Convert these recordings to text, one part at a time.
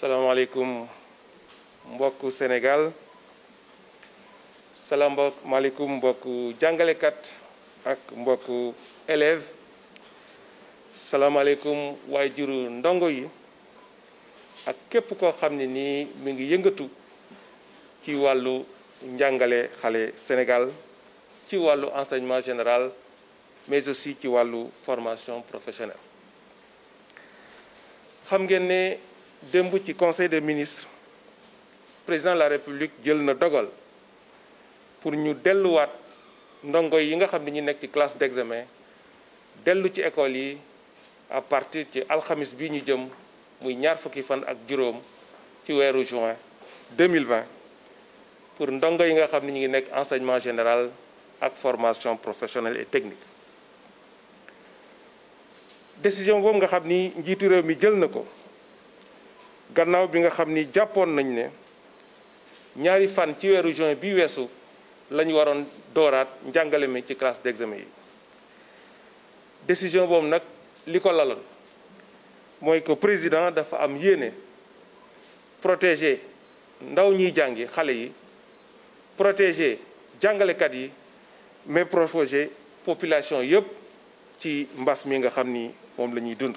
salaamaaleykum mbokku Sénégal salaamaaleykum mbokk jàngalekat ak mbokku élève salaamaaleykum waajuru ndongo yi ak képp koo xam ne nii mu ngi yëngatu ci wàllu njàngale xale Sénégal ci wàllu enseignement général mais aussi ci wàllu formation professionnelle xam ngeen ne démb ci conseil des ministres président de la république Giel dogol pour nous donner ndongo yi classe d'examen dellu ci à partir de alxamis bi ñu jëm muy ñaar fukki fan ak juin 2020 pour nous yi nga xam enseignement général ak formation professionnelle et technique décision est nga gannaaw bi nga xam ni jàppoon nañ ne ñaari fan ci weeru juin bi weesu la ñu waroon dooraat njàngale mi ci classe d'examen yi décision boobu nag li ko laloon mooy que président dafa am yéene protéger ndaw ñiy jàngi xale yi protéger jàngalekat yi mais protéger population yépp ci mbas mi nga xam ni moom la ñuy dund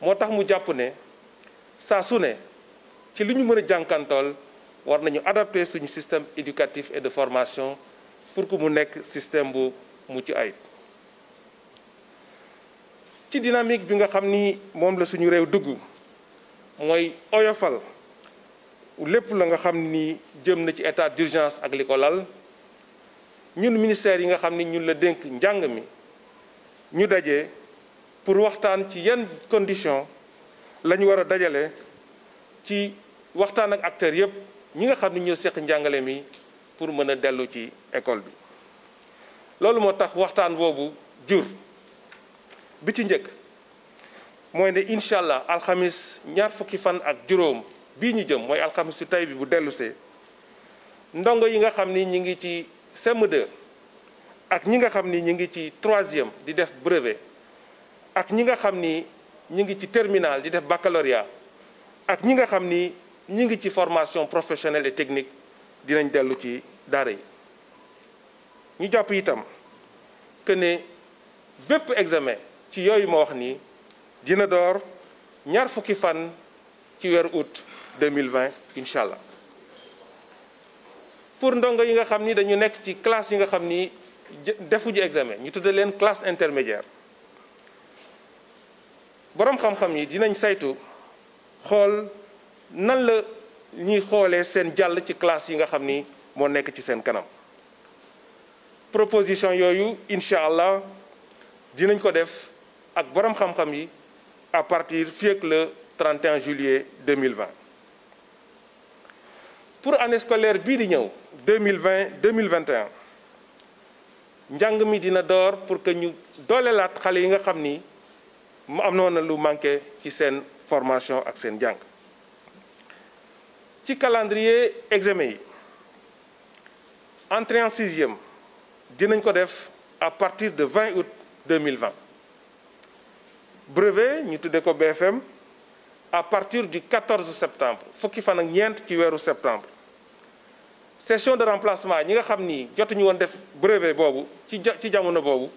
moo tax mu jàpp ne saa su ne ci li ñu mën a jànkantool war nañu adapter suñu système éducatif et de formation pour que mu nekk système bu mucc ayib ci dynamique bi nga xam ni moom la suñu réew dugg mooy oyofal lépp la nga xam ni jëm na ci état d'urgence ak lal ñun ministère yi nga ñun la mi ñu pour waxtaan ci yan condition la ñu war a dajale ci waxtaan ak acteurs yëpp ñi nga xam ne ñoo seq njàngale mi pour mën a dellu ci école bi loolu moo tax waxtaan boobu jur bi ci njëkk mooy ne incha allah alxamis ñaar fukki fan ak juróom bii ñu jëm mooy alxamis su tey bi bu dellusee ndongo yi nga xam ni ñi ngi ci CM2 ak ñi nga xam ni ñi ngi ci troisième di def brevet ak ñi nga xam ñi ngi ci terminal di def baccalauréat ak ñi nga xam ñi ngi ci formation professionnelle et technique dinañ dellu ci daara yi ñu jàpp itam que ne bépp examen ci yooyu ma wax nii dina door ñaar fukki fan ci weeru août 2020 incha allah pour ndongo yi nga xam ni dañu nekk ci classe yi nga xam defu ji examen ñu tudde leen classe intermédiaire Je xam-xam yi dinañ saytu nan la classe ni ci proposition yoyu inshallah dinañ ko ak à partir fiek le 31 juillet 2020 pour année scolaire 2020 2021 njàng mi pour que ñu lat xalé yi nous am lu manqué ci formation ak seen jàng calendrier examen entrée en sixième dinañ ko def à partir de 20 août 2020 brevet ñu tuddee ko BFM à partir du 14 septembre fukki fan ak ñeent ci weeru septembre session de remplacement ñi nga xam ni def brevet boobu ci ci jamono boobu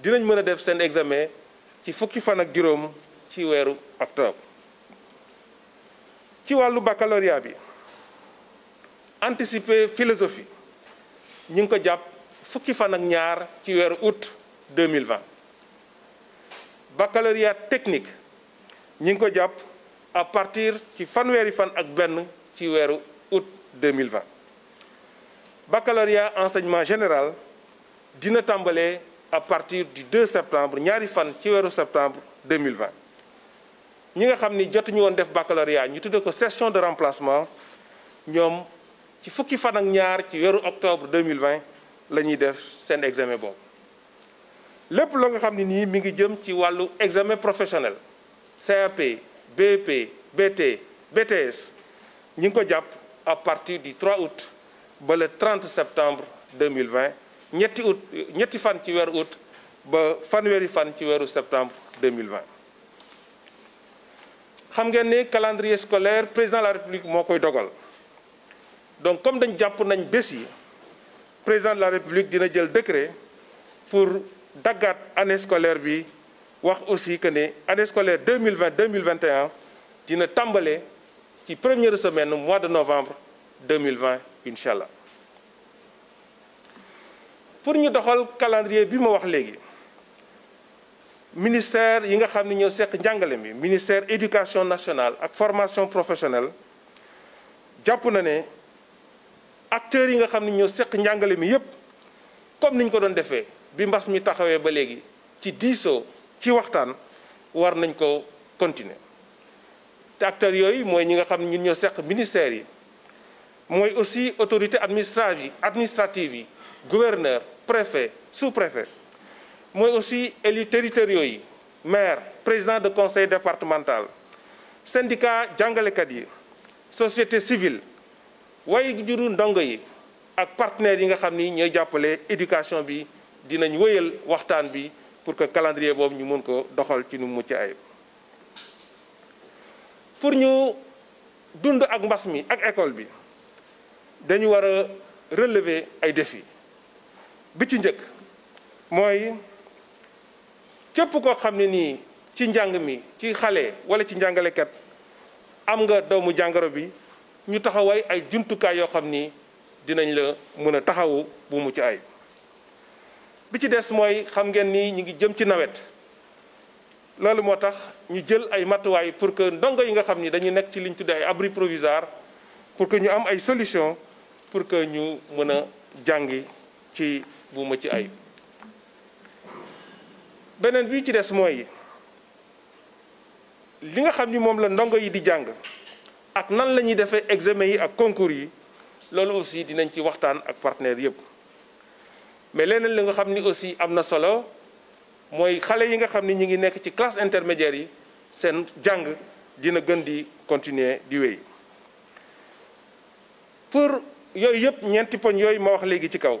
dinañ def examen ci fukki fan ak juróom ci weeru octobre ci wàllu baccalauréat bi anticiper philosophie ñu ngi ko jàpp fukki fan ak ñaar ci weeru août 2020 baccalauréat technique ñu ngi ko jàpp à partir ci fanweeri fan ak benn ci weeru août 2020 baccalauréat enseignement général dina tàmbalee à partir du 2 septembre ñaari fan ci septembre 2020 ñi nga xam ni def baccalauréat ñu tudde ko session de remplacement ñom ci fukki fan ak ñaar ci octobre 2020 lañuy def seen examen bon Lepp lo nga xamni ni mi ngi examen professionnel CAP BEP BT BTS ñi ngi ko à partir du 3 août ba le 30 septembre 2020 ñetti fan ci août ba fan ci septembre 2020 xam ngeen un calendrier scolaire président de la république moo dogal donc comme dañ l'avons nañ le président de la république dina jël décret pour daggaat année scolaire bi wax aussi que né année scolaire 2020 2021 dina tambalé ci première semaine mois de novembre 2020 Inch'Allah. pour ñu doxal calendrier bi ma wax léegi ministère yi nga xam ne ñoo seq njàngale mi ministère éducation nationale ak formation professionnelle jàpp na ne acteurs yi nga xam ne ñoo seq njàngale mi yépp comme ni ñu ko doon defee bi mbas mi taxawee ba léegi ci diisoo ci waxtaan war nañ ko continuer te acteurs yooyu mooy ñi nga xam ne ñun ñoo seq ministère yi mooy aussi autorité administrative yi administrative yi gouverneur préfet sous-préfet moi aussi élus territoriaux maires, maire président de conseil départemental syndicat jàngalekat yi société civile waaye juru ndongo yi partenaires qui nga xam l'éducation ñooy jàppale éducation bi dinañ pour que le calendrier soit ñu mën ko doxal pour nous, dund ak mbas mi ak école bi dañu relever ay défis bi ci njëkk mooy képp koo xam ne nii ci njàng mi ci xale wala ci njàngalekat am nga doomu jàngoro bi ñu taxawaay ay jumtukaay yoo xam ni dinañ la mën a taxawu bu mucc ci ay bi ci des mooy xam ngeen nii ñu ngi jëm ci nawet loolu moo tax ñu jël ay matuwaay pour que ndongo yi nga xam ni dañu nekk ci liñ tuddee ay abri provisoire pour que ñu am ay solution pour que ñu mën a jàngi ci bu mucc ayib benen bi ci des mooy li nga xam ni la ndongo yi di jàng ak nan la ñuy defee examen yi ak concours yi loolu aussi dinañ ci waxtaan ak partenaires mais leneen li nga aussi solo mooy xale yi nga xam ni ngi nekk ci classe intermédiaire yi dina gën di continuer di wéy pour yooyu yëpp ñeenti pon yooyu ma wax ci kaw